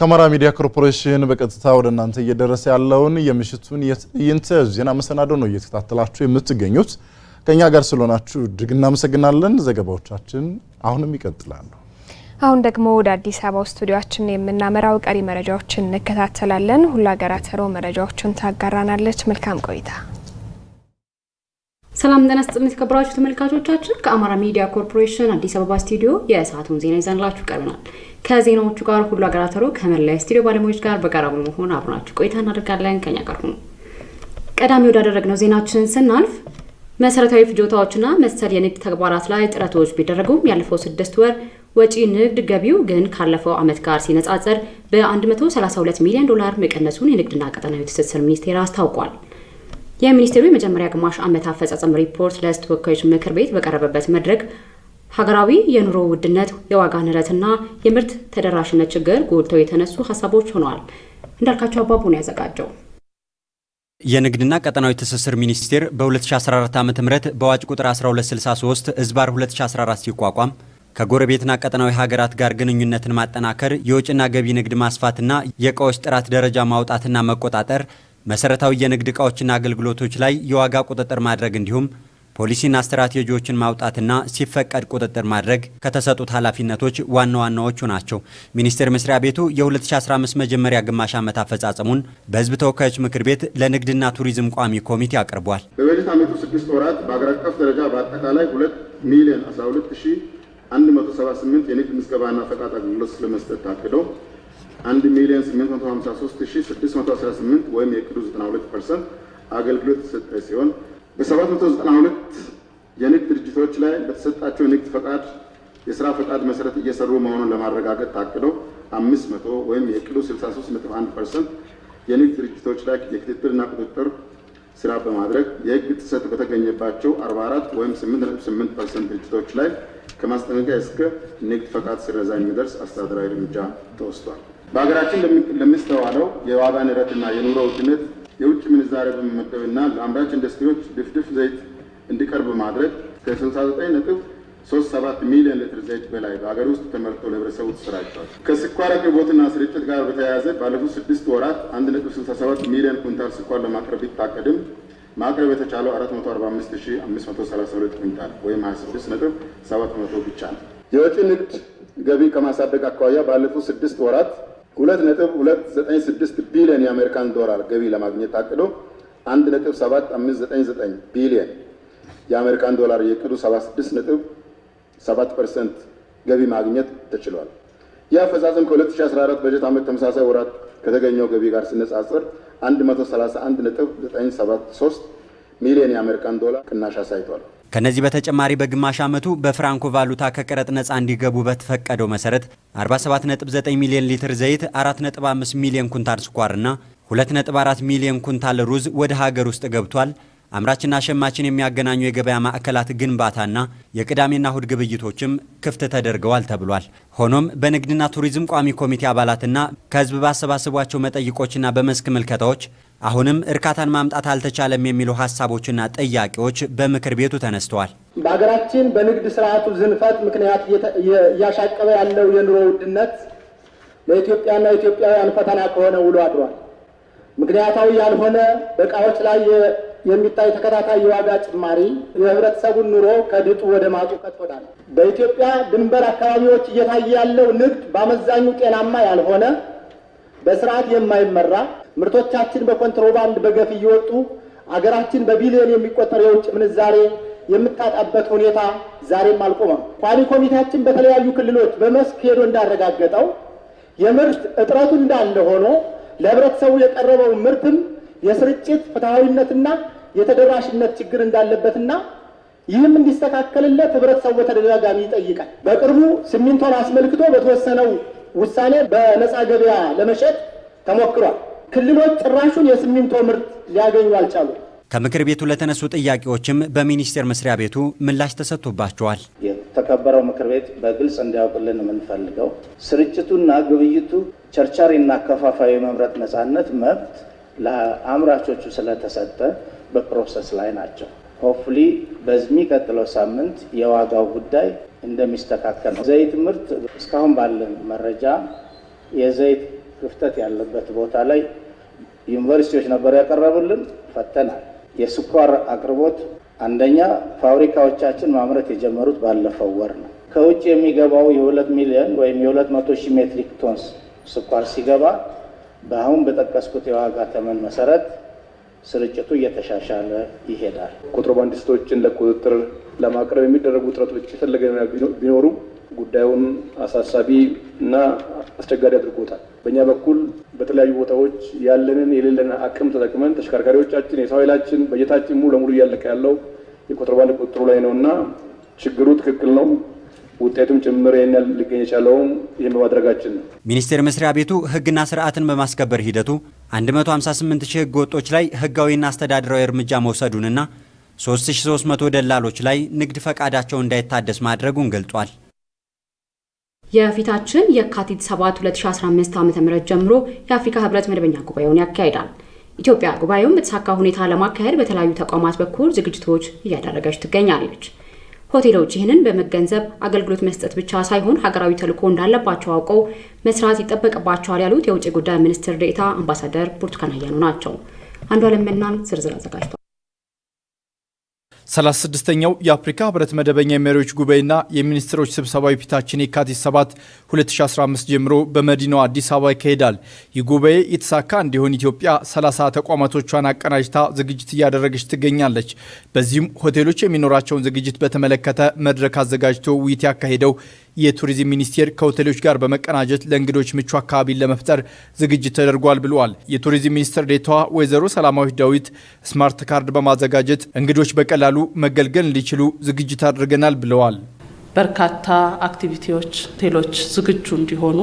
ከአማራ ሚዲያ ኮርፖሬሽን በቀጥታ ወደ እናንተ እየደረሰ ያለውን የምሽቱን የትዕይንተ ዜና መሰናዶ ነው እየተከታተላችሁ የምትገኙት። ከእኛ ጋር ስለሆናችሁ እጅግ እናመሰግናለን። ዘገባዎቻችን አሁንም ይቀጥላሉ። አሁን ደግሞ ወደ አዲስ አበባ ስቱዲዮችን የምናመራው ቀሪ መረጃዎችን እንከታተላለን። ሁሉ ሮ መረጃዎችን ታጋራናለች። መልካም ቆይታ ሰላም ጤና ይስጥልን የተከበራችሁ ተመልካቾቻችን፣ ከአማራ ሚዲያ ኮርፖሬሽን አዲስ አበባ ስቱዲዮ የሰዓቱን ዜና ይዘንላችሁ ቀርበናል። ከዜናዎቹ ጋር ሁሉ አገራተሮ ከመላይ ስቱዲዮ ባለሙያዎች ጋር በጋራ በመሆን አብራችሁ ቆይታ እናደርጋለን። ከኛ ጋር ሁኑ። ቀዳሚ ወዳደረግነው ዜናችን ስናልፍ መሰረታዊ ፍጆታዎችና መሰል የንግድ ተግባራት ላይ ጥረቶች ቢደረጉም ያለፈው ስድስት ወር ወጪ ንግድ ገቢው ግን ካለፈው ዓመት ጋር ሲነጻጸር በ132 ሚሊዮን ዶላር መቀነሱን የንግድና ቀጠናዊ ትስስር ሚኒስቴር አስታውቋል። የሚኒስቴሩ የመጀመሪያ ግማሽ ዓመት አፈጻጸም ሪፖርት ለሕዝብ ተወካዮች ምክር ቤት በቀረበበት መድረክ ሀገራዊ የኑሮ ውድነት፣ የዋጋ ንረትና የምርት ተደራሽነት ችግር ጎልተው የተነሱ ሀሳቦች ሆነዋል። እንዳልካቸው አባቡን ያዘጋጀው የንግድና ቀጠናዊ ትስስር ሚኒስቴር በ2014 ዓ ም በአዋጅ ቁጥር 1263 ህዝባር 2014 ሲቋቋም ከጎረቤትና ቀጠናዊ ሀገራት ጋር ግንኙነትን ማጠናከር፣ የውጭና ገቢ ንግድ ማስፋትና የእቃዎች ጥራት ደረጃ ማውጣትና መቆጣጠር መሰረታዊ የንግድ ዕቃዎችና አገልግሎቶች ላይ የዋጋ ቁጥጥር ማድረግ እንዲሁም ፖሊሲና ስትራቴጂዎችን ማውጣትና ሲፈቀድ ቁጥጥር ማድረግ ከተሰጡት ኃላፊነቶች ዋና ዋናዎቹ ናቸው። ሚኒስቴር መስሪያ ቤቱ የ2015 መጀመሪያ ግማሽ ዓመት አፈጻጸሙን በሕዝብ ተወካዮች ምክር ቤት ለንግድና ቱሪዝም ቋሚ ኮሚቴ አቅርቧል። በበጀት ዓመቱ 6 ወራት በአገር አቀፍ ደረጃ በአጠቃላይ 2 ሚሊዮን 12178 የንግድ ምዝገባና ፈቃድ አገልግሎት ለመስጠት ታቅዶ 1 ሚሊዮን 853618 ወይም የዕቅዱ 92 ፐርሰንት አገልግሎት የተሰጠ ሲሆን በ792 የንግድ ድርጅቶች ላይ በተሰጣቸው የንግድ ፈቃድ የስራ ፈቃድ መሰረት እየሰሩ መሆኑን ለማረጋገጥ ታቅዶ 500 ወይም የቅዱ 63.1 ፐርሰንት የንግድ ድርጅቶች ላይ የክትትልና ቁጥጥር ስራ በማድረግ የህግ ጥሰት በተገኘባቸው 44 ወይም 8.8 ፐርሰንት ድርጅቶች ላይ ከማስጠንቀቂያ እስከ ንግድ ፈቃድ ስረዛ የሚደርስ አስተዳደራዊ እርምጃ ተወስዷል። በሀገራችን ለሚስተዋለው የዋጋ ንረትና የኑሮ ውድነት የውጭ ምንዛሬ በመመደብና ለአምራች ኢንዱስትሪዎች ድፍድፍ ዘይት እንዲቀርብ ማድረግ ከ69 ነጥብ 37 ሚሊዮን ሊትር ዘይት በላይ በሀገር ውስጥ ተመርቶ ለህብረተሰቡ ተሰራጭቷል። ከስኳር አቅርቦትና ስርጭት ጋር በተያያዘ ባለፉት ስድስት ወራት 1.67 ሚሊዮን ኩንታል ስኳር ለማቅረብ ቢታቀድም ማቅረብ የተቻለው 445532 ኩንታል ወይም 26 ነጥብ 7 ብቻ ነው። የወጪ ንግድ ገቢ ከማሳደግ አኳያ ባለፉት ስድስት ወራት 2.296 ቢሊዮን የአሜሪካን ዶላር ገቢ ለማግኘት ታቅዶ 1.799 ቢሊዮን የአሜሪካን ዶላር የዕቅዱ 76.7 ፐርሰንት ገቢ ማግኘት ተችሏል። ይህ አፈጻጸም ከ2014 በጀት ዓመት ተመሳሳይ ወራት ከተገኘው ገቢ ጋር ሲነጻጸር 131.973 ሚሊዮን የአሜሪካን ዶላር ቅናሽ አሳይቷል። ከነዚህ በተጨማሪ በግማሽ ዓመቱ በፍራንኮ ቫሉታ ከቀረጥ ነፃ እንዲገቡ በተፈቀደው መሰረት 47.9 ሚሊዮን ሊትር ዘይት፣ 4.5 ሚሊዮን ኩንታል ስኳርና 2.4 ሚሊዮን ኩንታል ሩዝ ወደ ሀገር ውስጥ ገብቷል። አምራችና ሸማችን የሚያገናኙ የገበያ ማዕከላት ግንባታና የቅዳሜና እሁድ ግብይቶችም ክፍት ተደርገዋል ተብሏል። ሆኖም በንግድና ቱሪዝም ቋሚ ኮሚቴ አባላትና ከህዝብ ባሰባሰቧቸው መጠይቆችና በመስክ ምልከታዎች አሁንም እርካታን ማምጣት አልተቻለም የሚሉ ሀሳቦችና ጥያቄዎች በምክር ቤቱ ተነስተዋል። በሀገራችን በንግድ ስርዓቱ ዝንፈት ምክንያት እያሻቀበ ያለው የኑሮ ውድነት ለኢትዮጵያና ኢትዮጵያውያን ፈተና ከሆነ ውሎ አድሯል። ምክንያታዊ ያልሆነ በእቃዎች ላይ የሚታይ ተከታታይ የዋጋ ጭማሪ የህብረተሰቡን ኑሮ ከድጡ ወደ ማጡ ከቶታል። በኢትዮጵያ ድንበር አካባቢዎች እየታየ ያለው ንግድ በአመዛኙ ጤናማ ያልሆነ፣ በስርዓት የማይመራ ምርቶቻችን በኮንትሮባንድ በገፍ እየወጡ አገራችን በቢሊዮን የሚቆጠር የውጭ ምንዛሬ የምታጣበት ሁኔታ ዛሬም አልቆመም። ቋሚ ኮሚቴያችን በተለያዩ ክልሎች በመስክ ሄዶ እንዳረጋገጠው የምርት እጥረቱ እንዳለ ሆኖ ለህብረተሰቡ የቀረበው ምርትም የስርጭት ፍትሐዊነትና የተደራሽነት ችግር እንዳለበትና ይህም እንዲስተካከልለት ህብረተሰቡ በተደጋጋሚ ይጠይቃል። በቅርቡ ሲሚንቶን አስመልክቶ በተወሰነው ውሳኔ በነፃ ገበያ ለመሸጥ ተሞክሯል። ክልሎች ጭራሹን የሲሚንቶ ምርት ሊያገኙ አልቻሉም። ከምክር ቤቱ ለተነሱ ጥያቄዎችም በሚኒስቴር መስሪያ ቤቱ ምላሽ ተሰጥቶባቸዋል። የተከበረው ምክር ቤት በግልጽ እንዲያውቅልን የምንፈልገው ስርጭቱና ግብይቱ ቸርቻሪና አከፋፋይ የመምረጥ ነፃነት መብት ለአምራቾቹ ስለተሰጠ በፕሮሰስ ላይ ናቸው። ሆፕሊ በሚቀጥለው ሳምንት የዋጋው ጉዳይ እንደሚስተካከል ነው። ዘይት ምርት እስካሁን ባለን መረጃ የዘይት ክፍተት ያለበት ቦታ ላይ ዩኒቨርሲቲዎች ነበሩ ያቀረቡልን፣ ፈተናል። የስኳር አቅርቦት አንደኛ ፋብሪካዎቻችን ማምረት የጀመሩት ባለፈው ወር ነው። ከውጭ የሚገባው የሁለት ሚሊዮን ወይም የሁለት መቶ ሺህ ሜትሪክ ቶንስ ስኳር ሲገባ በአሁን በጠቀስኩት የዋጋ ተመን መሰረት ስርጭቱ እየተሻሻለ ይሄዳል። ኮንትሮባንዲስቶችን ለቁጥጥር ለማቅረብ የሚደረጉ ጥረቶች የፈለገ ቢኖሩም ጉዳዩን አሳሳቢ እና አስቸጋሪ አድርጎታል። በእኛ በኩል በተለያዩ ቦታዎች ያለንን የሌለን አቅም ተጠቅመን ተሽከርካሪዎቻችን፣ የሰው ኃይላችን፣ በጀታችን ሙሉ ለሙሉ እያለቀ ያለው የኮንትሮባንድ ቁጥጥሩ ላይ ነው እና ችግሩ ትክክል ነው። ውጤቱም ጭምር ሊገኝ የቻለውም ይህን በማድረጋችን ነው። ሚኒስቴር መስሪያ ቤቱ ህግና ስርዓትን በማስከበር ሂደቱ 158 ሺህ ሕገ ወጦች ላይ ህጋዊና አስተዳደራዊ እርምጃ መውሰዱንና 3300 ደላሎች ላይ ንግድ ፈቃዳቸው እንዳይታደስ ማድረጉን ገልጧል። የፊታችን የካቲት 7 2015 ዓ.ም ጀምሮ የአፍሪካ ህብረት መደበኛ ጉባኤውን ያካሂዳል። ኢትዮጵያ ጉባኤውን በተሳካ ሁኔታ ለማካሄድ በተለያዩ ተቋማት በኩል ዝግጅቶች እያደረገች ትገኛለች። ሆቴሎች ይህንን በመገንዘብ አገልግሎት መስጠት ብቻ ሳይሆን ሀገራዊ ተልዕኮ እንዳለባቸው አውቀው መስራት ይጠበቅባቸዋል ያሉት የውጭ ጉዳይ ሚኒስትር ዴኤታ አምባሳደር ብርቱካን ናቸው። አንዷለም እናን ዝርዝር አዘጋጅቷል። ሰላሳ የአፍሪካ ህብረት መደበኛ የመሪዎች ጉባኤና የሚኒስትሮች ስብሰባ የፊታችን የካቲት 7 2015 ጀምሮ በመዲናው አዲስ አበባ ይካሄዳል። ይህ ጉባኤ የተሳካ እንዲሆን ኢትዮጵያ 30 ተቋማቶቿን አቀናጅታ ዝግጅት እያደረገች ትገኛለች። በዚህም ሆቴሎች የሚኖራቸውን ዝግጅት በተመለከተ መድረክ አዘጋጅቶ ውይይት ያካሄደው የቱሪዝም ሚኒስቴር ከሆቴሎች ጋር በመቀናጀት ለእንግዶች ምቹ አካባቢን ለመፍጠር ዝግጅት ተደርጓል ብለዋል። የቱሪዝም ሚኒስትር ዴኤታዋ ወይዘሮ ሰላማዊት ዳዊት ስማርት ካርድ በማዘጋጀት እንግዶች በቀላሉ መገልገል እንዲችሉ ዝግጅት አድርገናል ብለዋል። በርካታ አክቲቪቲዎች ሆቴሎች ዝግጁ እንዲሆኑ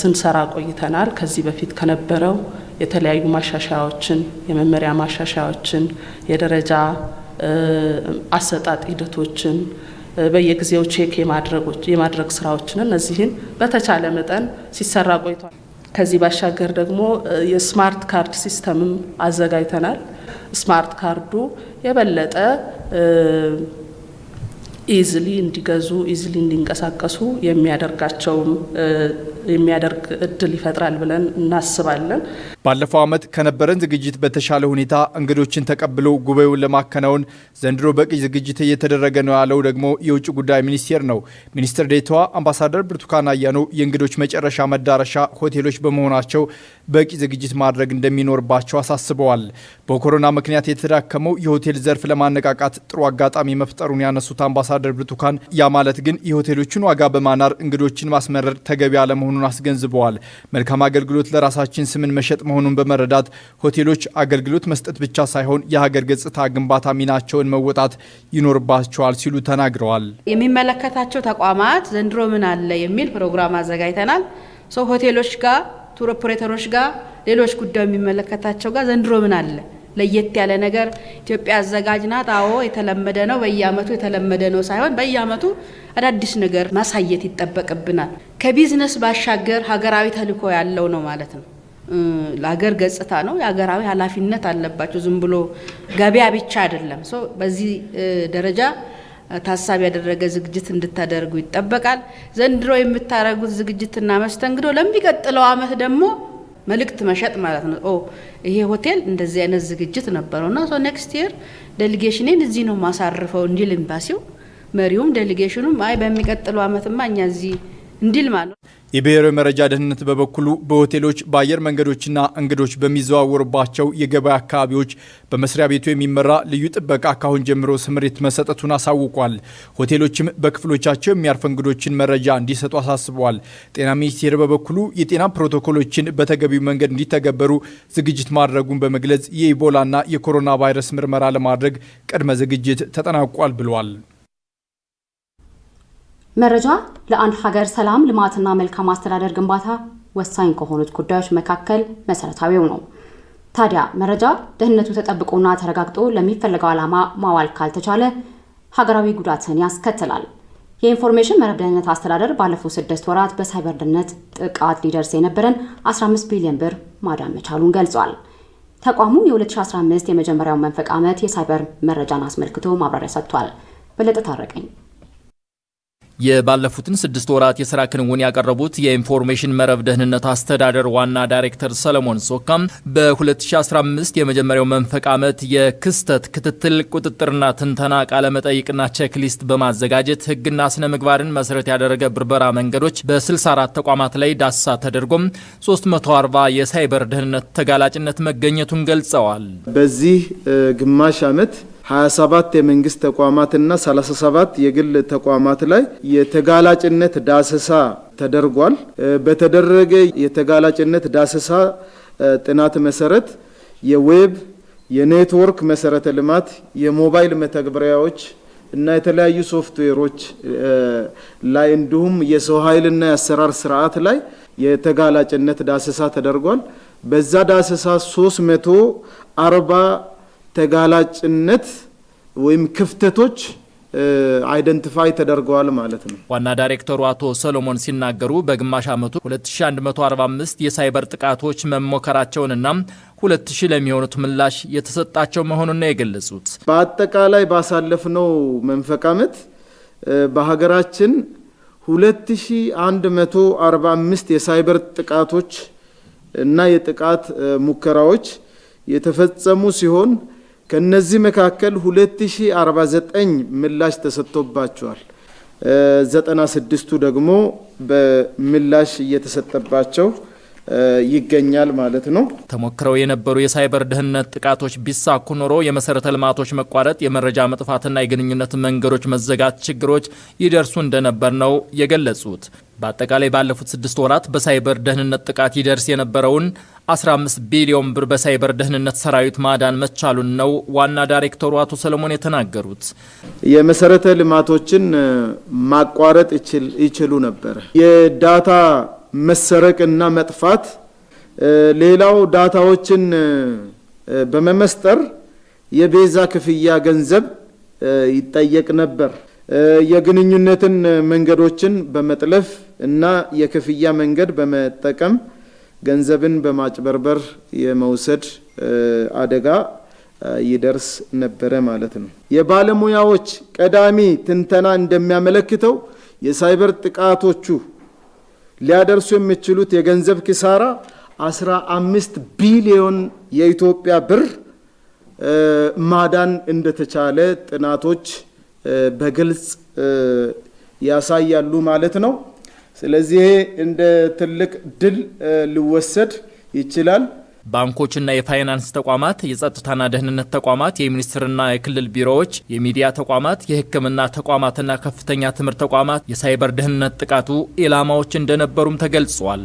ስንሰራ ቆይተናል። ከዚህ በፊት ከነበረው የተለያዩ ማሻሻያዎችን፣ የመመሪያ ማሻሻያዎችን፣ የደረጃ አሰጣጥ ሂደቶችን በየጊዜው ቼክ የማድረግ ስራዎችን እነዚህን በተቻለ መጠን ሲሰራ ቆይቷል። ከዚህ ባሻገር ደግሞ የስማርት ካርድ ሲስተምም አዘጋጅተናል። ስማርት ካርዱ የበለጠ ኢዝሊ እንዲገዙ ኢዝሊ እንዲንቀሳቀሱ የሚያደርጋቸውም የሚያደርግ እድል ይፈጥራል ብለን እናስባለን። ባለፈው ዓመት ከነበረን ዝግጅት በተሻለ ሁኔታ እንግዶችን ተቀብሎ ጉባኤውን ለማከናወን ዘንድሮ በቂ ዝግጅት እየተደረገ ነው ያለው ደግሞ የውጭ ጉዳይ ሚኒስቴር ነው። ሚኒስትር ዴኤታዋ አምባሳደር ብርቱካን አያኖ የእንግዶች መጨረሻ መዳረሻ ሆቴሎች በመሆናቸው በቂ ዝግጅት ማድረግ እንደሚኖርባቸው አሳስበዋል። በኮሮና ምክንያት የተዳከመው የሆቴል ዘርፍ ለማነቃቃት ጥሩ አጋጣሚ መፍጠሩን ያነሱት አምባሳደር ብርቱካን ያ ማለት ግን የሆቴሎችን ዋጋ በማናር እንግዶችን ማስመረር ተገቢ አለመሆኑ መሆኑን አስገንዝበዋል። መልካም አገልግሎት ለራሳችን ስምን መሸጥ መሆኑን በመረዳት ሆቴሎች አገልግሎት መስጠት ብቻ ሳይሆን የሀገር ገጽታ ግንባታ ሚናቸውን መወጣት ይኖርባቸዋል ሲሉ ተናግረዋል። የሚመለከታቸው ተቋማት ዘንድሮ ምን አለ የሚል ፕሮግራም አዘጋጅተናል። ሆቴሎች ጋር ቱር ኦፕሬተሮች ጋር ሌሎች ጉዳዩ የሚመለከታቸው ጋር ዘንድሮ ምን አለ ለየት ያለ ነገር ኢትዮጵያ አዘጋጅ ናት። አዎ የተለመደ ነው፣ በየአመቱ የተለመደ ነው ሳይሆን በየአመቱ አዳዲስ ነገር ማሳየት ይጠበቅብናል። ከቢዝነስ ባሻገር ሀገራዊ ተልኮ ያለው ነው ማለት ነው። ለሀገር ገጽታ ነው። የሀገራዊ ኃላፊነት አለባቸው። ዝም ብሎ ገበያ ብቻ አይደለም። በዚህ ደረጃ ታሳቢ ያደረገ ዝግጅት እንድታደርጉ ይጠበቃል። ዘንድሮ የምታደርጉት ዝግጅትና መስተንግዶ ለሚቀጥለው አመት ደግሞ መልእክት መሸጥ ማለት ነው። ኦ ይሄ ሆቴል እንደዚህ አይነት ዝግጅት ነበረው እና ኔክስት የር ዴሊጌሽኔን እዚህ ነው ማሳርፈው እንዲል ኤምባሲው መሪውም ዴሊጌሽኑም አይ በሚቀጥለው አመትማ እኛ እዚህ እንዲል ማለት የብሔራዊ መረጃ ደህንነት በበኩሉ በሆቴሎች በአየር መንገዶችና እንግዶች በሚዘዋወሩባቸው የገበያ አካባቢዎች በመስሪያ ቤቱ የሚመራ ልዩ ጥበቃ ካሁን ጀምሮ ስምሪት መሰጠቱን አሳውቋል። ሆቴሎችም በክፍሎቻቸው የሚያርፈ እንግዶችን መረጃ እንዲሰጡ አሳስበዋል። ጤና ሚኒስቴር በበኩሉ የጤና ፕሮቶኮሎችን በተገቢው መንገድ እንዲተገበሩ ዝግጅት ማድረጉን በመግለጽ የኢቦላና የኮሮና ቫይረስ ምርመራ ለማድረግ ቅድመ ዝግጅት ተጠናቋል ብሏል። መረጃ ለአንድ ሀገር ሰላም፣ ልማትና መልካም አስተዳደር ግንባታ ወሳኝ ከሆኑት ጉዳዮች መካከል መሰረታዊው ነው። ታዲያ መረጃ ደህንነቱ ተጠብቆና ተረጋግጦ ለሚፈለገው ዓላማ ማዋል ካልተቻለ ሀገራዊ ጉዳትን ያስከትላል። የኢንፎርሜሽን መረብ ደህንነት አስተዳደር ባለፉት ስድስት ወራት በሳይበር ደህንነት ጥቃት ሊደርስ የነበረን 15 ቢሊዮን ብር ማዳን መቻሉን ገልጿል። ተቋሙ የ2015 የመጀመሪያው መንፈቅ ዓመት የሳይበር መረጃን አስመልክቶ ማብራሪያ ሰጥቷል። በለጠ ታረቀኝ የባለፉትን ስድስት ወራት የስራ ክንውን ያቀረቡት የኢንፎርሜሽን መረብ ደህንነት አስተዳደር ዋና ዳይሬክተር ሰለሞን ሶካም በ2015 የመጀመሪያው መንፈቅ ዓመት የክስተት ክትትል ቁጥጥርና ትንተና ቃለመጠይቅና ቼክሊስት በማዘጋጀት ህግና ስነ ምግባርን መሰረት ያደረገ ብርበራ መንገዶች በ64 ተቋማት ላይ ዳሳ ተደርጎም 340 የሳይበር ደህንነት ተጋላጭነት መገኘቱን ገልጸዋል። በዚህ ግማሽ ዓመት 27 የመንግስት ተቋማትና 37 የግል ተቋማት ላይ የተጋላጭነት ዳሰሳ ተደርጓል። በተደረገ የተጋላጭነት ዳሰሳ ጥናት መሰረት የዌብ የኔትወርክ መሰረተ ልማት፣ የሞባይል መተግበሪያዎች እና የተለያዩ ሶፍትዌሮች ላይ እንዲሁም የሰው ኃይልና የአሰራር ስርዓት ላይ የተጋላጭነት ዳሰሳ ተደርጓል። በዛ ዳሰሳ 340 ተጋላጭነት ወይም ክፍተቶች አይደንቲፋይ ተደርገዋል ማለት ነው። ዋና ዳይሬክተሩ አቶ ሰሎሞን ሲናገሩ በግማሽ ዓመቱ 2145 የሳይበር ጥቃቶች መሞከራቸውንና 2000 ለሚሆኑት ምላሽ የተሰጣቸው መሆኑን ነው የገለጹት። በአጠቃላይ ባሳለፍነው መንፈቅ ዓመት በሀገራችን 2145 የሳይበር ጥቃቶች እና የጥቃት ሙከራዎች የተፈጸሙ ሲሆን ከነዚህ መካከል 2049 ምላሽ ተሰጥቶባቸዋል። 96ቱ ደግሞ በምላሽ እየተሰጠባቸው ይገኛል ማለት ነው። ተሞክረው የነበሩ የሳይበር ደህንነት ጥቃቶች ቢሳኩ ኖሮ የመሰረተ ልማቶች መቋረጥ፣ የመረጃ መጥፋትና የግንኙነት መንገዶች መዘጋት ችግሮች ይደርሱ እንደነበር ነው የገለጹት። በአጠቃላይ ባለፉት ስድስት ወራት በሳይበር ደህንነት ጥቃት ይደርስ የነበረውን 15 ቢሊዮን ብር በሳይበር ደህንነት ሰራዊት ማዳን መቻሉን ነው ዋና ዳይሬክተሩ አቶ ሰለሞን የተናገሩት። የመሰረተ ልማቶችን ማቋረጥ ይችሉ ነበር የዳታ መሰረቅና መጥፋት፣ ሌላው ዳታዎችን በመመስጠር የቤዛ ክፍያ ገንዘብ ይጠየቅ ነበር። የግንኙነትን መንገዶችን በመጥለፍ እና የክፍያ መንገድ በመጠቀም ገንዘብን በማጭበርበር የመውሰድ አደጋ ይደርስ ነበረ ማለት ነው። የባለሙያዎች ቀዳሚ ትንተና እንደሚያመለክተው የሳይበር ጥቃቶቹ ሊያደርሱ የሚችሉት የገንዘብ ኪሳራ 15 ቢሊዮን የኢትዮጵያ ብር ማዳን እንደተቻለ ጥናቶች በግልጽ ያሳያሉ ማለት ነው። ስለዚህ እንደ ትልቅ ድል ሊወሰድ ይችላል። ባንኮችና የፋይናንስ ተቋማት፣ የጸጥታና ደህንነት ተቋማት፣ የሚኒስቴርና የክልል ቢሮዎች፣ የሚዲያ ተቋማት፣ የሕክምና ተቋማትና ከፍተኛ ትምህርት ተቋማት የሳይበር ደህንነት ጥቃቱ ኢላማዎች እንደነበሩም ተገልጿል።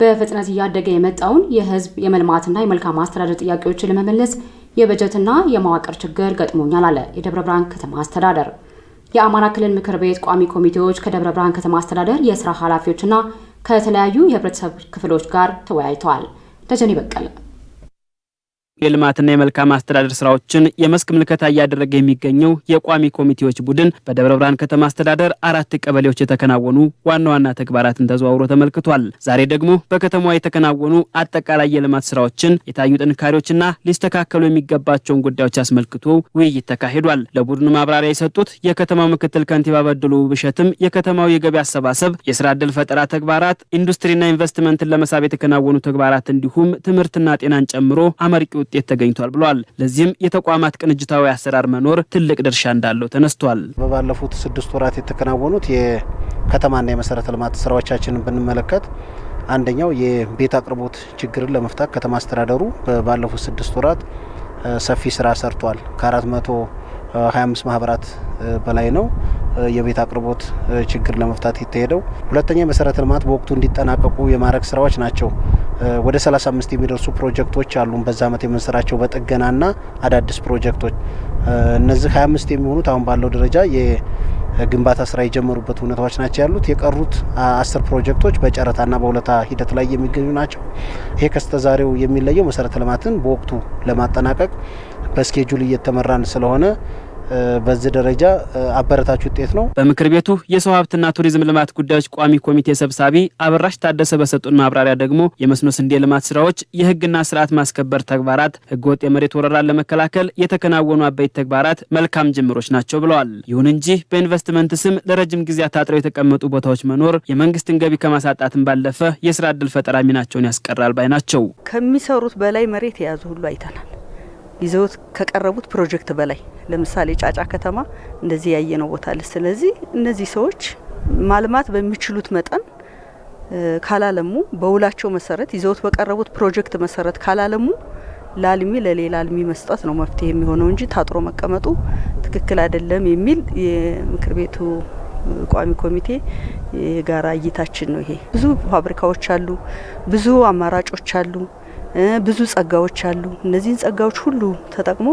በፍጥነት እያደገ የመጣውን የህዝብ የመልማትና የመልካም አስተዳደር ጥያቄዎችን ለመመለስ የበጀትና የመዋቅር ችግር ገጥሞኛል አለ የደብረ ብርሃን ከተማ አስተዳደር። የአማራ ክልል ምክር ቤት ቋሚ ኮሚቴዎች ከደብረ ብርሃን ከተማ አስተዳደር የስራ ኃላፊዎችና ከተለያዩ የህብረተሰብ ክፍሎች ጋር ተወያይተዋል። ደጀኔ በቀለ የልማትና የመልካም አስተዳደር ስራዎችን የመስክ ምልከታ እያደረገ የሚገኘው የቋሚ ኮሚቴዎች ቡድን በደብረ ብርሃን ከተማ አስተዳደር አራት ቀበሌዎች የተከናወኑ ዋና ዋና ተግባራትን ተዘዋውሮ ተመልክቷል። ዛሬ ደግሞ በከተማዋ የተከናወኑ አጠቃላይ የልማት ስራዎችን፣ የታዩ ጥንካሬዎችና ሊስተካከሉ የሚገባቸውን ጉዳዮች አስመልክቶ ውይይት ተካሂዷል። ለቡድኑ ማብራሪያ የሰጡት የከተማው ምክትል ከንቲባ በድሉ ብሸትም የከተማው የገቢ አሰባሰብ፣ የስራ ድል ፈጠራ ተግባራት፣ ኢንዱስትሪና ኢንቨስትመንትን ለመሳብ የተከናወኑ ተግባራት እንዲሁም ትምህርትና ጤናን ጨምሮ አመርቂ ውጤት ተገኝቷል ብሏል። ለዚህም የተቋማት ቅንጅታዊ አሰራር መኖር ትልቅ ድርሻ እንዳለው ተነስቷል። በባለፉት ስድስት ወራት የተከናወኑት የከተማና የመሰረተ ልማት ስራዎቻችንን ብንመለከት አንደኛው የቤት አቅርቦት ችግርን ለመፍታት ከተማ አስተዳደሩ ባለፉት ስድስት ወራት ሰፊ ስራ ሰርቷል ከአራት መቶ 25 ማህበራት በላይ ነው የቤት አቅርቦት ችግር ለመፍታት የተሄደው። ሁለተኛ የመሰረተ ልማት በወቅቱ እንዲጠናቀቁ የማድረግ ስራዎች ናቸው። ወደ 35 የሚደርሱ ፕሮጀክቶች አሉን በዛ ዓመት የምንሰራቸው በጥገናና አዳዲስ ፕሮጀክቶች። እነዚህ 25 የሚሆኑት አሁን ባለው ደረጃ የግንባታ ስራ የጀመሩበት ሁኔታዎች ናቸው ያሉት። የቀሩት አስር ፕሮጀክቶች በጨረታና በሁለታ ሂደት ላይ የሚገኙ ናቸው። ይሄ ከስተዛሬው የሚለየው መሰረተ ልማትን በወቅቱ ለማጠናቀቅ በስኬጁል እየተመራን ስለሆነ በዚህ ደረጃ አበረታች ውጤት ነው። በምክር ቤቱ የሰው ሀብትና ቱሪዝም ልማት ጉዳዮች ቋሚ ኮሚቴ ሰብሳቢ አበራሽ ታደሰ በሰጡን ማብራሪያ ደግሞ የመስኖ ስንዴ ልማት ስራዎች፣ የህግና ስርዓት ማስከበር ተግባራት፣ ህገወጥ የመሬት ወረራን ለመከላከል የተከናወኑ አበይት ተግባራት መልካም ጅምሮች ናቸው ብለዋል። ይሁን እንጂ በኢንቨስትመንት ስም ለረጅም ጊዜ አታጥረው የተቀመጡ ቦታዎች መኖር የመንግስትን ገቢ ከማሳጣትን ባለፈ የስራ እድል ፈጠራ ሚናቸውን ያስቀራል ባይ ናቸው። ከሚሰሩት በላይ መሬት የያዙ ሁሉ አይተናል። ይዘውት ከቀረቡት ፕሮጀክት በላይ ለምሳሌ ጫጫ ከተማ እንደዚህ ያየነው ቦታ አለ። ስለዚህ እነዚህ ሰዎች ማልማት በሚችሉት መጠን ካላለሙ፣ በውላቸው መሰረት ይዘውት በቀረቡት ፕሮጀክት መሰረት ካላለሙ ለአልሚ ለሌላ አልሚ መስጠት ነው መፍትሄ የሚሆነው እንጂ ታጥሮ መቀመጡ ትክክል አይደለም የሚል የምክር ቤቱ ቋሚ ኮሚቴ የጋራ እይታችን ነው። ይሄ ብዙ ፋብሪካዎች አሉ፣ ብዙ አማራጮች አሉ። ብዙ ጸጋዎች አሉ። እነዚህን ጸጋዎች ሁሉ ተጠቅሞ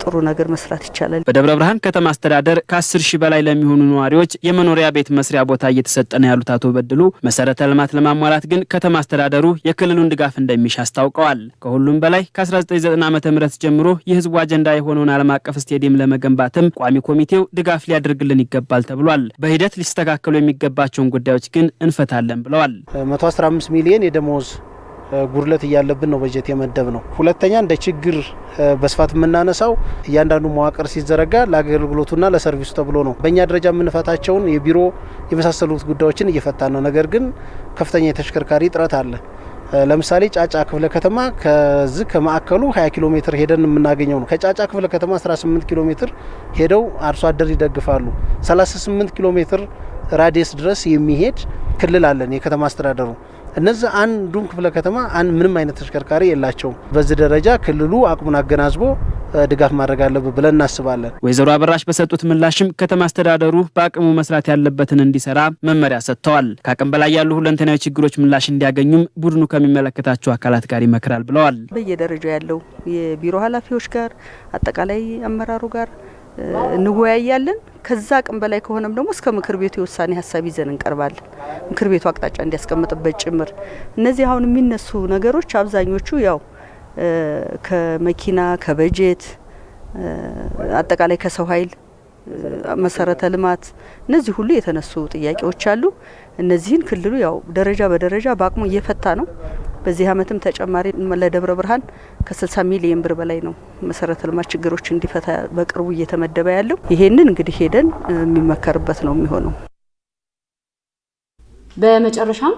ጥሩ ነገር መስራት ይቻላል። በደብረ ብርሃን ከተማ አስተዳደር ከ10 ሺህ በላይ ለሚሆኑ ነዋሪዎች የመኖሪያ ቤት መስሪያ ቦታ እየተሰጠ ነው ያሉት አቶ በድሉ መሰረተ ልማት ለማሟላት ግን ከተማ አስተዳደሩ የክልሉን ድጋፍ እንደሚሻ አስታውቀዋል። ከሁሉም በላይ ከ1990 ዓ.ም ጀምሮ የህዝቡ አጀንዳ የሆነውን ዓለም አቀፍ ስቴዲየም ለመገንባትም ቋሚ ኮሚቴው ድጋፍ ሊያደርግልን ይገባል ተብሏል። በሂደት ሊስተካከሉ የሚገባቸውን ጉዳዮች ግን እንፈታለን ብለዋል። 115 ሚሊዮን የደሞዝ ጉድለት እያለብን ነው በጀት የመደብ ነው። ሁለተኛ እንደ ችግር በስፋት የምናነሳው እያንዳንዱ መዋቅር ሲዘረጋ ለአገልግሎቱና ለሰርቪሱ ተብሎ ነው። በእኛ ደረጃ የምንፈታቸውን የቢሮ የመሳሰሉት ጉዳዮችን እየፈታ ነው። ነገር ግን ከፍተኛ የተሽከርካሪ እጥረት አለ። ለምሳሌ ጫጫ ክፍለ ከተማ ከዚህ ከማዕከሉ 20 ኪሎ ሜትር ሄደን የምናገኘው ነው። ከጫጫ ክፍለ ከተማ 18 ኪሎ ሜትር ሄደው አርሶ አደር ይደግፋሉ። 38 ኪሎ ሜትር ራዲየስ ድረስ የሚሄድ ክልል አለን የከተማ አስተዳደሩ እነዚህ አንዱን ክፍለ ከተማ ምንም አይነት ተሽከርካሪ የላቸውም። በዚህ ደረጃ ክልሉ አቅሙን አገናዝቦ ድጋፍ ማድረግ አለብን ብለን እናስባለን። ወይዘሮ አበራሽ በሰጡት ምላሽም ከተማ አስተዳደሩ በአቅሙ መስራት ያለበትን እንዲሰራ መመሪያ ሰጥተዋል። ከአቅም በላይ ያሉ ሁለንተናዊ ችግሮች ምላሽ እንዲያገኙም ቡድኑ ከሚመለከታቸው አካላት ጋር ይመክራል ብለዋል። በየደረጃው ያለው የቢሮ ኃላፊዎች ጋር አጠቃላይ አመራሩ ጋር እንወያያለን። ከዛ አቅም በላይ ከሆነም ደግሞ እስከ ምክር ቤቱ የውሳኔ ሀሳብ ይዘን እንቀርባለን። ምክር ቤቱ አቅጣጫ እንዲያስቀምጥበት ጭምር። እነዚህ አሁን የሚነሱ ነገሮች አብዛኞቹ ያው ከመኪና ከበጀት አጠቃላይ ከሰው ኃይል መሰረተ ልማት እነዚህ ሁሉ የተነሱ ጥያቄዎች አሉ። እነዚህን ክልሉ ያው ደረጃ በደረጃ በአቅሙ እየፈታ ነው። በዚህ ዓመትም ተጨማሪ ለደብረ ብርሃን ከ60 ሚሊዮን ብር በላይ ነው መሰረተ ልማት ችግሮች እንዲፈታ በቅርቡ እየተመደበ ያለው። ይሄንን እንግዲህ ሄደን የሚመከርበት ነው የሚሆነው። በመጨረሻም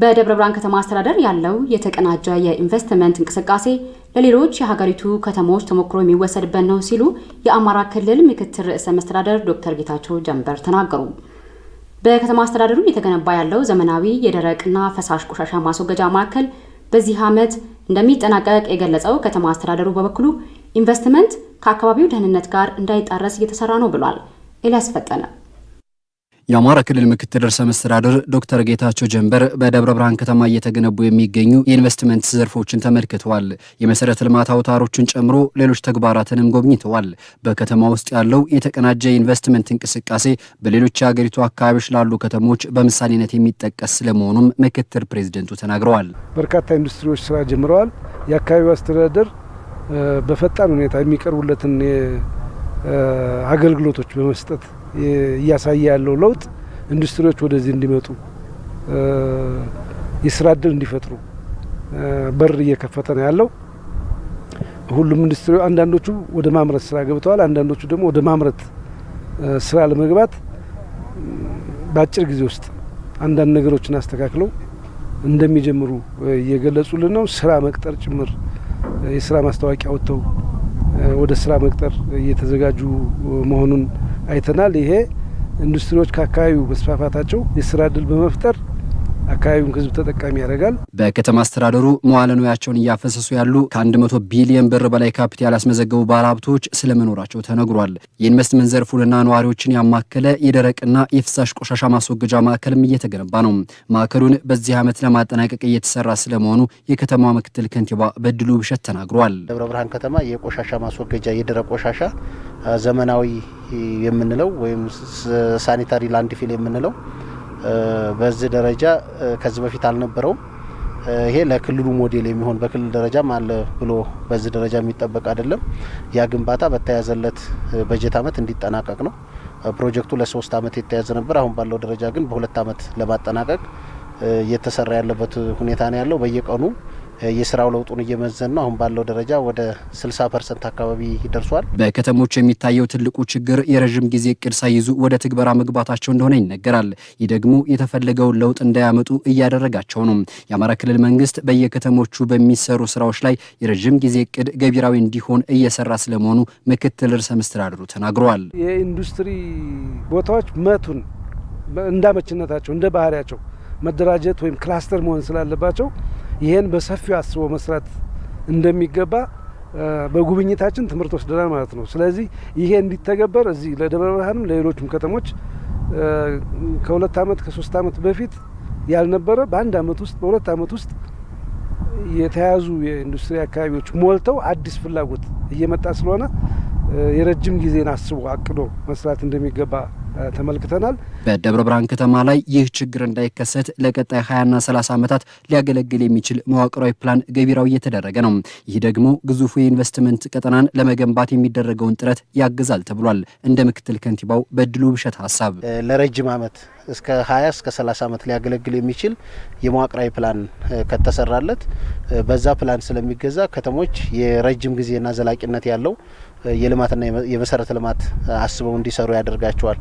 በደብረ ብርሃን ከተማ አስተዳደር ያለው የተቀናጀ የኢንቨስትመንት እንቅስቃሴ ለሌሎች የሀገሪቱ ከተሞች ተሞክሮ የሚወሰድበት ነው ሲሉ የአማራ ክልል ምክትል ርዕሰ መስተዳደር ዶክተር ጌታቸው ጀንበር ተናገሩ። በከተማ አስተዳደሩ እየተገነባ ያለው ዘመናዊ የደረቅና ፈሳሽ ቆሻሻ ማስወገጃ ማዕከል በዚህ ዓመት እንደሚጠናቀቅ የገለጸው ከተማ አስተዳደሩ በበኩሉ ኢንቨስትመንት ከአካባቢው ደህንነት ጋር እንዳይጣረስ እየተሰራ ነው ብሏል። ኤልያስ ፈጠነ የአማራ ክልል ምክትል ርዕሰ መስተዳድር ዶክተር ጌታቸው ጀንበር በደብረ ብርሃን ከተማ እየተገነቡ የሚገኙ የኢንቨስትመንት ዘርፎችን ተመልክተዋል። የመሰረተ ልማት አውታሮችን ጨምሮ ሌሎች ተግባራትንም ጎብኝተዋል። በከተማ ውስጥ ያለው የተቀናጀ የኢንቨስትመንት እንቅስቃሴ በሌሎች የሀገሪቱ አካባቢዎች ላሉ ከተሞች በምሳሌነት የሚጠቀስ ስለመሆኑም ምክትል ፕሬዚደንቱ ተናግረዋል። በርካታ ኢንዱስትሪዎች ስራ ጀምረዋል። የአካባቢው አስተዳደር በፈጣን ሁኔታ የሚቀርቡለትን አገልግሎቶች በመስጠት እያሳየ ያለው ለውጥ ኢንዱስትሪዎች ወደዚህ እንዲመጡ የስራ እድል እንዲፈጥሩ በር እየከፈተ ነው ያለው። ሁሉም ኢንዱስትሪ አንዳንዶቹ ወደ ማምረት ስራ ገብተዋል። አንዳንዶቹ ደግሞ ወደ ማምረት ስራ ለመግባት በአጭር ጊዜ ውስጥ አንዳንድ ነገሮችን አስተካክለው እንደሚጀምሩ እየገለጹልን ነው። ስራ መቅጠር ጭምር የስራ ማስታወቂያ ወጥተው ወደ ስራ መቅጠር እየተዘጋጁ መሆኑን አይተናል። ይሄ ኢንዱስትሪዎች ከአካባቢው መስፋፋታቸው የስራ እድል በመፍጠር አካባቢውን ህዝብ ተጠቃሚ ያደርጋል። በከተማ አስተዳደሩ መዋለ ንዋያቸውን እያፈሰሱ ያሉ ከ100 ቢሊዮን ብር በላይ ካፒታል ያስመዘገቡ ባለሀብቶች ስለመኖራቸው ተነግሯል። የኢንቨስትመንት ዘርፉንና ነዋሪዎችን ያማከለ የደረቅና የፍሳሽ ቆሻሻ ማስወገጃ ማዕከልም እየተገነባ ነው። ማዕከሉን በዚህ ዓመት ለማጠናቀቅ እየተሰራ ስለመሆኑ የከተማ ምክትል ከንቲባ በድሉ ብሸት ተናግሯል። ደብረ ብርሃን ከተማ የቆሻሻ ማስወገጃ የደረቅ ቆሻሻ ዘመናዊ የምንለው ወይም ሳኒታሪ ላንድፊል የምንለው በዚህ ደረጃ ከዚህ በፊት አልነበረውም። ይሄ ለክልሉ ሞዴል የሚሆን በክልል ደረጃም አለ ብሎ በዚህ ደረጃ የሚጠበቅ አይደለም። ያ ግንባታ በተያዘለት በጀት ዓመት እንዲጠናቀቅ ነው። ፕሮጀክቱ ለሶስት ዓመት የተያዘ ነበር። አሁን ባለው ደረጃ ግን በሁለት ዓመት ለማጠናቀቅ እየተሰራ ያለበት ሁኔታ ነው ያለው በየቀኑ የስራው ለውጡን እየመዘን ነው። አሁን ባለው ደረጃ ወደ 60 ፐርሰንት አካባቢ ደርሷል። በከተሞች የሚታየው ትልቁ ችግር የረዥም ጊዜ እቅድ ሳይዙ ወደ ትግበራ መግባታቸው እንደሆነ ይነገራል። ይህ ደግሞ የተፈለገውን ለውጥ እንዳያመጡ እያደረጋቸው ነው። የአማራ ክልል መንግስት በየከተሞቹ በሚሰሩ ስራዎች ላይ የረዥም ጊዜ እቅድ ገቢራዊ እንዲሆን እየሰራ ስለመሆኑ ምክትል ርዕሰ መስተዳድሩ ተናግረዋል። የኢንዱስትሪ ቦታዎች መቱን እንዳመችነታቸው እንደ ባህሪያቸው መደራጀት ወይም ክላስተር መሆን ስላለባቸው ይህን በሰፊው አስቦ መስራት እንደሚገባ በጉብኝታችን ትምህርት ወስደናል ማለት ነው። ስለዚህ ይሄ እንዲተገበር እዚህ ለደብረ ብርሃንም ለሌሎችም ከተሞች ከሁለት ዓመት ከሶስት ዓመት በፊት ያልነበረ በአንድ ዓመት ውስጥ በሁለት ዓመት ውስጥ የተያዙ የኢንዱስትሪ አካባቢዎች ሞልተው አዲስ ፍላጎት እየመጣ ስለሆነ የረጅም ጊዜን አስቦ አቅዶ መስራት እንደሚገባ ተመልክተናል። በደብረ ብርሃን ከተማ ላይ ይህ ችግር እንዳይከሰት ለቀጣይ 2 ና 30 ዓመታት ሊያገለግል የሚችል መዋቅራዊ ፕላን ገቢራዊ እየተደረገ ነው። ይህ ደግሞ ግዙፉ የኢንቨስትመንት ቀጠናን ለመገንባት የሚደረገውን ጥረት ያግዛል ተብሏል። እንደ ምክትል ከንቲባው በድሉ ብሸት ሀሳብ ለረጅም ዓመት እስከ 20 እስከ 30 ዓመት ሊያገለግል የሚችል የመዋቅራዊ ፕላን ከተሰራለት በዛ ፕላን ስለሚገዛ ከተሞች የረጅም ጊዜና ዘላቂነት ያለው የልማትና የመሰረተ ልማት አስበው እንዲሰሩ ያደርጋቸዋል።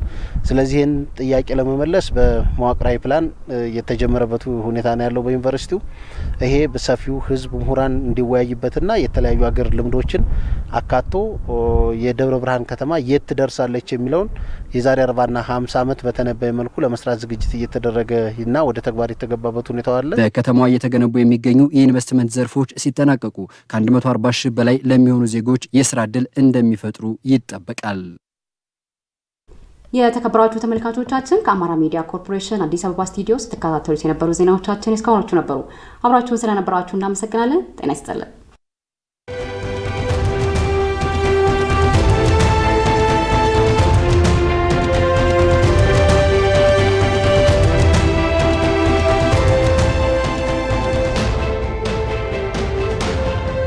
ስለዚህ ይህን ጥያቄ ለመመለስ በመዋቅራዊ ፕላን የተጀመረበት ሁኔታ ነው ያለው በዩኒቨርሲቲው። ይሄ በሰፊው ህዝብ፣ ምሁራን እንዲወያይበትና የተለያዩ ሀገር ልምዶችን አካቶ የደብረ ብርሃን ከተማ የት ትደርሳለች የሚለውን የዛሬ አርባና ሀምሳ ዓመት በተነበየ መልኩ ለመስራት ዝግጅት እየተደረገና ወደ ተግባር የተገባበት ሁኔታው አለ። በከተማዋ እየተገነቡ የሚገኙ የኢንቨስትመንት ዘርፎች ሲጠናቀቁ ከ140 ሺህ በላይ ለሚሆኑ ዜጎች የስራ እድል እንደሚፈጥሩ ይጠበቃል። የተከበራችሁ ተመልካቾቻችን ከአማራ ሚዲያ ኮርፖሬሽን አዲስ አበባ ስቱዲዮ ስትከታተሉት የነበሩ ዜናዎቻችን እስካሁኖቹ ነበሩ። አብራችሁን ስለነበራችሁ እናመሰግናለን። ጤና ይስጥልን።